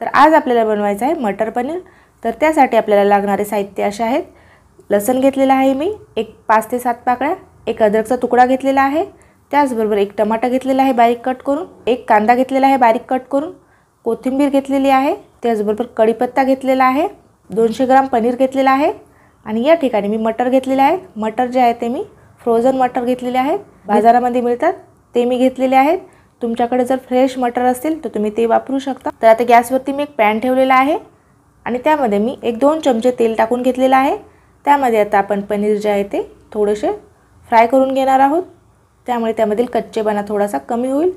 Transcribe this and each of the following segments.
तर आज आपल्याला बनवायचं आहे मटर पनीर तर त्यासाठी आपल्याला लागणारे साहित्य असे आहेत लसण घेतलेलं आहे मी एक पाच ते सात पाकळ्या एक अद्रकचा तुकडा घेतलेला आहे त्याचबरोबर एक टमाटा घेतलेला आहे बारीक कट करून एक कांदा घेतलेला आहे बारीक कट करून कोथिंबीर घेतलेली आहे त्याचबरोबर कढीपत्ता घेतलेला आहे दोनशे ग्राम पनीर घेतलेलं आहे आणि या ठिकाणी मी मटर घेतलेले आहे मटर जे आहे ते मी फ्रोझन मटर घेतलेले आहे बाजारामध्ये मिळतात ते मी घेतलेले आहेत तुमच्याकडे जर फ्रेश मटर असतील तर तुम्ही ते वापरू शकता तर आता गॅसवरती मी एक पॅन ठेवलेला आहे आणि त्यामध्ये मी एक दोन चमचे तेल टाकून घेतलेलं आहे त्यामध्ये आता आपण पनीर जे आहे ते थोडेसे फ्राय करून घेणार आहोत त्यामुळे त्यामधील कच्चेपणा थोडासा कमी होईल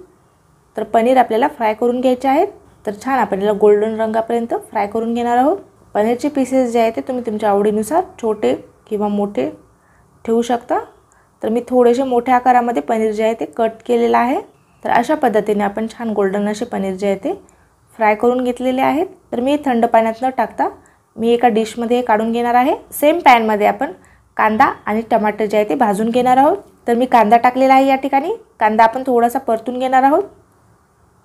तर पनीर आपल्याला फ्राय करून घ्यायचे आहेत तर छान आपण याला गोल्डन रंगापर्यंत फ्राय करून घेणार आहोत पनीरचे पीसेस जे आहे ते तुम्ही तुमच्या आवडीनुसार छोटे किंवा मोठे ठेवू शकता तर मी थोडेसे मोठ्या आकारामध्ये पनीर जे आहे ते कट केलेलं आहे तर अशा पद्धतीने आपण छान गोल्डन असे पनीर जे आहे ते फ्राय करून घेतलेले आहेत तर मी थंड पाण्यात न टाकता मी एका डिशमध्ये काढून घेणार आहे सेम पॅनमध्ये आपण कांदा आणि टमाटर जे आहे ते भाजून घेणार आहोत तर मी कांदा टाकलेला आहे या ठिकाणी कांदा आपण थोडासा परतून घेणार आहोत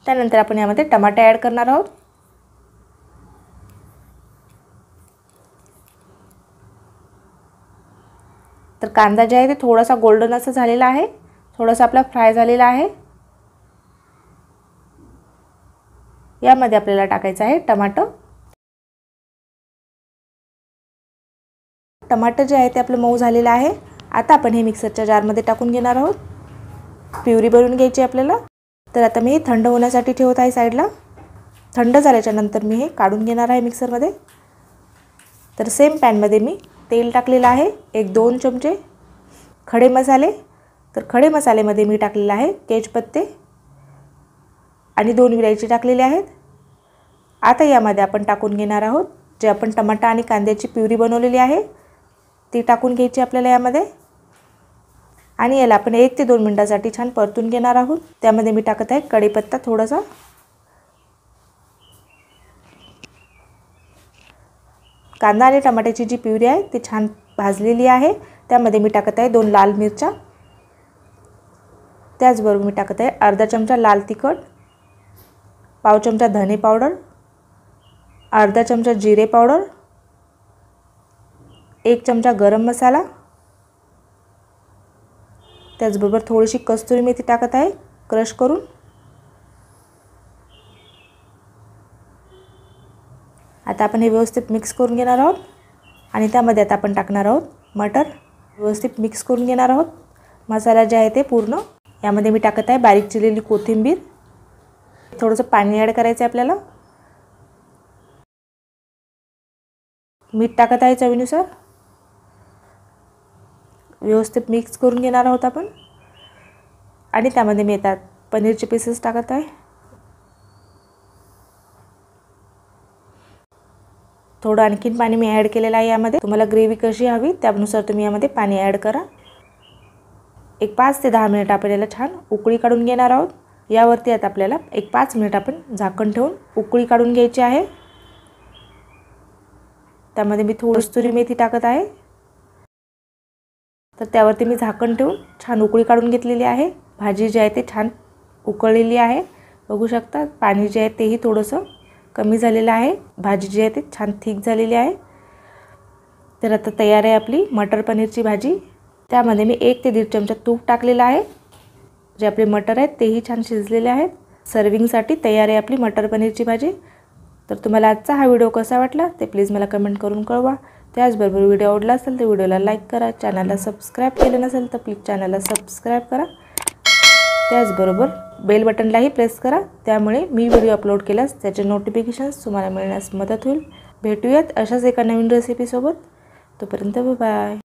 त्यानंतर आपण यामध्ये टमाटे ॲड करणार आहोत तर कांदा जे आहे ते थोडासा गोल्डन असा झालेला आहे थोडासा आपला फ्राय झालेला आहे यामध्ये आपल्याला टाकायचं आहे टमाटो टमाटर जे आहे ते आपलं मऊ झालेलं आहे आता आपण हे मिक्सरच्या जारमध्ये टाकून घेणार आहोत प्युरी भरून घ्यायची आपल्याला तर आता मी थंड होण्यासाठी ठेवत आहे साईडला थंड झाल्याच्या नंतर मी हे काढून घेणार आहे मिक्सरमध्ये तर सेम पॅनमध्ये मी तेल टाकलेलं आहे एक दोन चमचे खडे मसाले तर खडे मसाल्यामध्ये मी टाकलेलं आहे केजपत्ते आणि दोन विलायची टाकलेली आहेत आता यामध्ये आपण टाकून घेणार आहोत जे आपण टमाटा आणि कांद्याची प्युरी बनवलेली आहे ती टाकून घ्यायची आपल्याला यामध्ये आणि याला आपण एक ते दोन मिनटासाठी छान परतून घेणार आहोत त्यामध्ये मी टाकत आहे कढीपत्ता थोडासा कांदा आणि टमाट्याची जी प्युरी आहे ती छान भाजलेली आहे त्यामध्ये मी टाकत आहे दोन लाल मिरच्या त्याचबरोबर मी टाकत आहे अर्धा चमचा लाल तिखट पाव चमचा धने पावडर अर्धा चमचा जिरे पावडर एक चमचा गरम मसाला त्याचबरोबर थोडीशी कस्तुरी मेथी टाकत आहे क्रश करून आता आपण हे व्यवस्थित मिक्स करून घेणार आहोत आणि त्यामध्ये आता आपण टाकणार आहोत मटर व्यवस्थित मिक्स करून घेणार आहोत मसाला जे आहे ते पूर्ण यामध्ये मी टाकत आहे बारीक चिरलेली कोथिंबीर थोडंसं पाणी ॲड करायचं आहे आपल्याला मीठ टाकत आहे चवीनुसार व्यवस्थित मिक्स करून घेणार आहोत आपण आणि त्यामध्ये मी येतात पनीरचे पीसेस टाकत आहे थोडं आणखीन पाणी मी ॲड केलेलं आहे यामध्ये तुम्हाला ग्रेव्ही कशी हवी त्यानुसार तुम्ही यामध्ये पाणी ॲड करा एक पाच ते दहा मिनिट आपण याला छान उकळी काढून घेणार आहोत यावरती आता आपल्याला एक पाच मिनिट आपण झाकण ठेवून उकळी काढून घ्यायची आहे त्यामध्ये मी थोडी तुरी मेथी टाकत आहे तर त्यावरती मी झाकण ठेवून छान उकळी काढून घेतलेली आहे भाजी जी आहे ते छान उकळलेली आहे बघू शकता पाणी जे आहे तेही थोडंसं कमी झालेलं आहे भाजी जी आहे ते छान थिक झालेली आहे तर आता तयार आहे आपली मटर पनीरची भाजी त्यामध्ये मी एक ते दीड चमचा तूप टाकलेला आहे जे आपले मटर आहेत तेही छान शिजलेले आहेत सर्विंगसाठी तयार आहे आपली मटर पनीरची भाजी तर तुम्हाला आजचा हा व्हिडिओ कसा वाटला ते प्लीज मला कमेंट करून कळवा त्याचबरोबर व्हिडिओ आवडला असेल तर व्हिडिओला लाईक करा चॅनलला सबस्क्राईब केलं नसेल तर प्लीज चॅनलला सबस्क्राईब करा त्याचबरोबर बेल बटनलाही प्रेस करा त्यामुळे मी व्हिडिओ अपलोड केल्यास त्याचे नोटिफिकेशन्स तुम्हाला मिळण्यास मदत होईल भेटूयात अशाच एका नवीन रेसिपीसोबत तोपर्यंत बाय